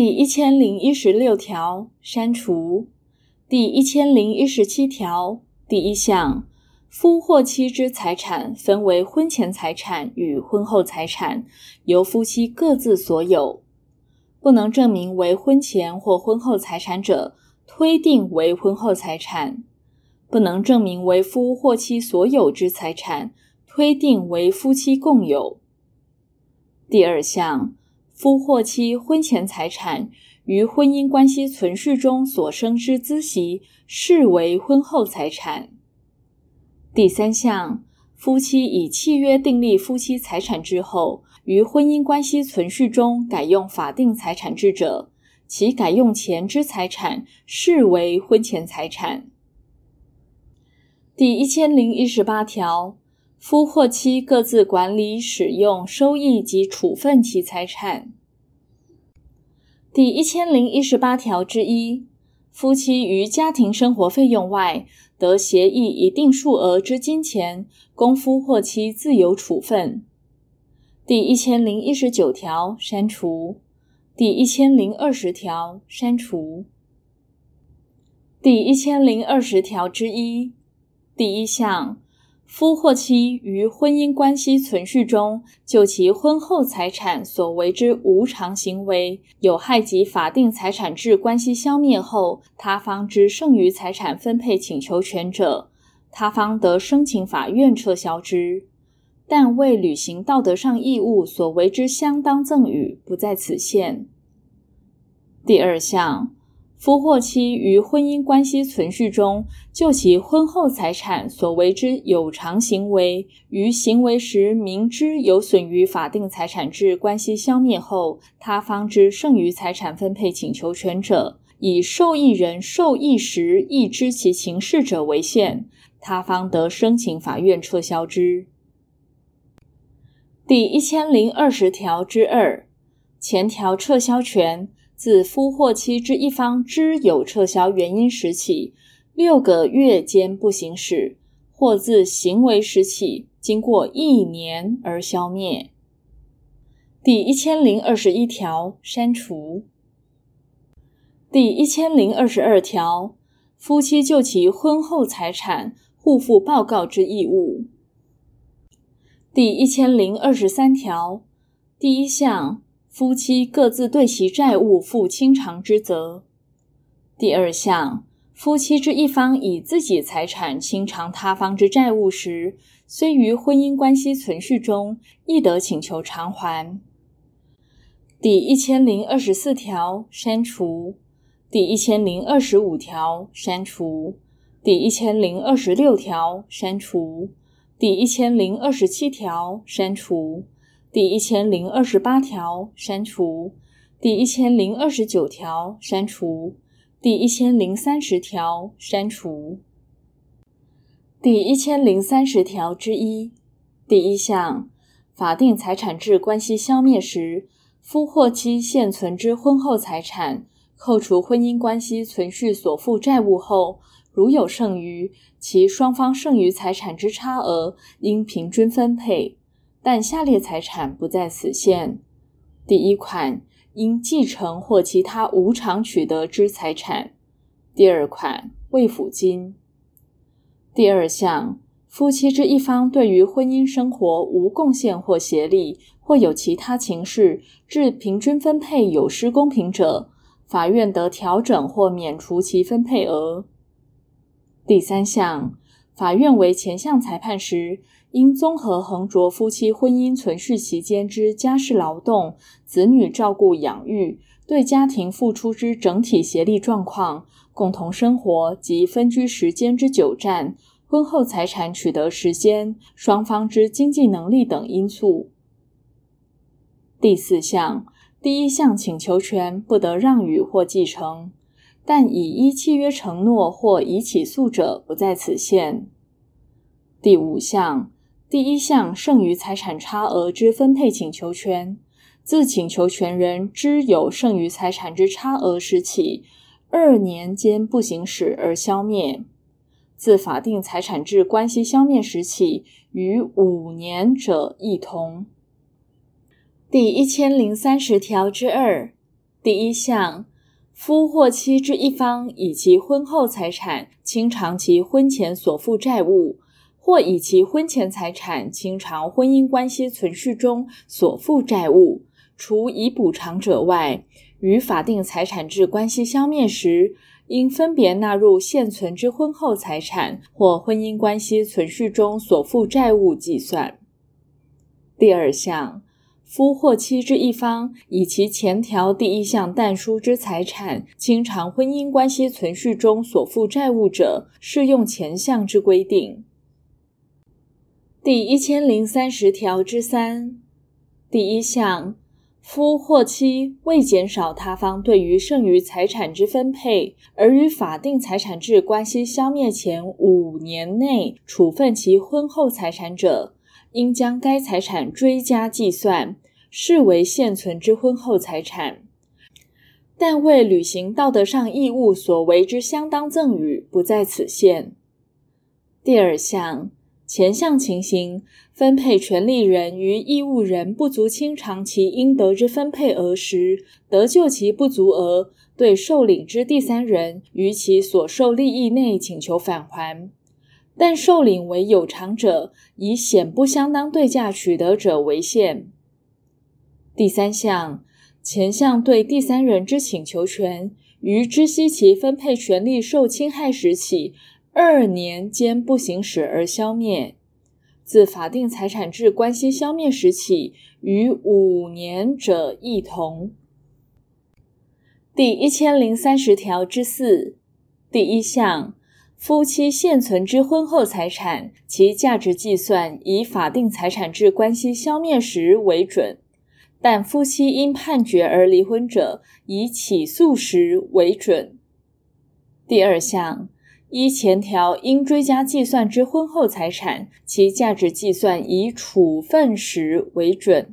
第一千零一十六條刪除。第一千零一十七條第一項，夫或妻之財產分為婚前財產與婚後財產，由夫妻各自所有。不能證明為婚前或婚後財產者，推定為婚後財產。不能證明為夫或妻所有之財產，推定為夫妻共有。第二項。夫或妻婚前財產於婚姻關係存續中所生之孳息，視為婚後財產。第三項，夫妻以契約訂立夫妻財產制後，於婚姻關係存續中改用法定財產制者，其改用前之財產，視為婚前財產。第一千零一十八條。夫或妻各自管理使用收益及處分其財產。第一千零一十八條之一，夫妻於家庭生活費用外，得協議一定數額之金錢，供夫或妻自由處分。第一千零一十九條刪除。第一千零二十條刪除。第一千零二十條之一第一項。夫或妻於婚姻關係存續中，就其婚後財產所為之無償行為，有害及法定財產制關係消滅後，他方之剩餘財產分配請求權者，他方得申請法院撤銷之，但為履行道德上義務所為之相當贈與不在此限。第二項。夫或妻於婚姻關係存續中，就其婚後財產所為之有償行為，於行為時明知有損於法定財產制關係消滅後，他方之剩餘財產分配請求權者，以受益人受益時亦知其情事者為限，他方得申請法院撤銷之。第一千零二十條之二，前條撤銷權。自夫或妻之一方知有撤銷原因時起，六個月間不行使，或自行為時起經過一年而消滅。第一千零二十一條刪除。第一千零二十二條，夫妻就其婚後財產互負報告之義務。第一千零二十三條第一項。夫妻各自對其債務負清償之責。第二項，夫妻之一方以自己財產清償他方之債務時，雖於婚姻關係存續中，亦得請求償還。第一千零二十四條刪除。第一千零二十五條刪除。第一千零二十六條刪除。第一千零二十七條刪除。第一千零二十八條刪除。第一千零二十九條刪除。第一千零三十條刪除。第一千零三十條之一，第一項，法定財產制關係消滅時，夫或妻現存之婚後財產，扣除婚姻關係存續所負債務後，如有剩餘，其雙方剩餘財產之差額，應平均分配。但下列財產不在此限：第一款，因繼承或其他無償取得之財產；第二款，慰撫金。第二項，夫妻之一方對於婚姻生活無貢獻或協力，或有其他情事，致平均分配有失公平者，法院得調整或免除其分配額。第三項。法院為前項裁判時，應綜合衡酌夫妻婚姻存續期間之家事勞動、子女照顧養育、對家庭付出之整體協力狀況、共同生活及分居時間之久暫、婚後財產取得時間、雙方之經濟能力等因素。第四項，第一項請求權不得讓與或繼承。但已依契約承諾或已起訴者不在此限。第五項第一項剩餘財產差額之分配請求權，自請求權人知有剩餘財產之差額時起二年間不行使而消滅，自法定財產制關係消滅時起逾五年者亦同。第一千零三十條之二第一項。夫或妻之一方，以其婚後財產清償其婚前所負債務，或以其婚前財產清償婚姻關係存續中所負債務，除已補償者外，於法定財產制關係消滅時，應分別納入現存之婚後財產或婚姻關係存續中所負債務計算。第二項。夫或妻之一方，以其前條第一項但書之財產清償婚姻關係存續中所負債務者，適用前項之規定。第一千零三十條之三第一項，夫或妻為減少他方對於剩餘財產之分配，而於法定財產制關係消滅前五年內處分其婚後財產者。應將該財產追加計算，視為現存之婚後財產。但為履行道德上義務所為之相當贈與不在此限。第二項，前項情形，分配權利人於義務人不足清償其應得之分配額時，得就其不足額，對受領之第三人於其所受利益內請求返還。但受領為有償者，以顯不相當對價取得者為限。第三項，前項對第三人之請求權，於知悉其分配權利受侵害時起二年間不行使而消滅，自法定財產制關係消滅時起，逾五年者亦同。第一千零三十條之四第一項。夫妻現存之婚後財產，其價值計算以法定財產制關係消滅時為準；但夫妻因判決而離婚者，以起訴時為準。第二項，依前條應追加計算之婚後財產，其價值計算以處分時為準。